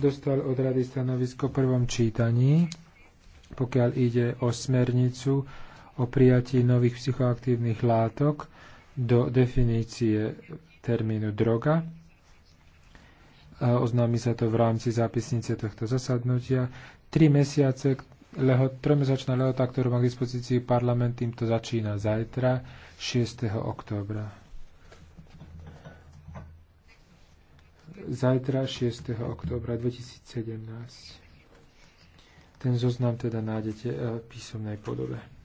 dostal od rady stanovisko v prvom čítaní, pokiaľ ide o smernicu o prijatí nových psychoaktívnych látok do definície termínu droga. Oznámi sa to v rámci zápisnice tohto zasadnutia. Tri mesiace, leho, tromesačná lehota, ktorú má k dispozícii parlament, týmto začína zajtra, 6. októbra. zajtra 6. októbra 2017. Ten zoznam teda nájdete e, v písomnej podobe.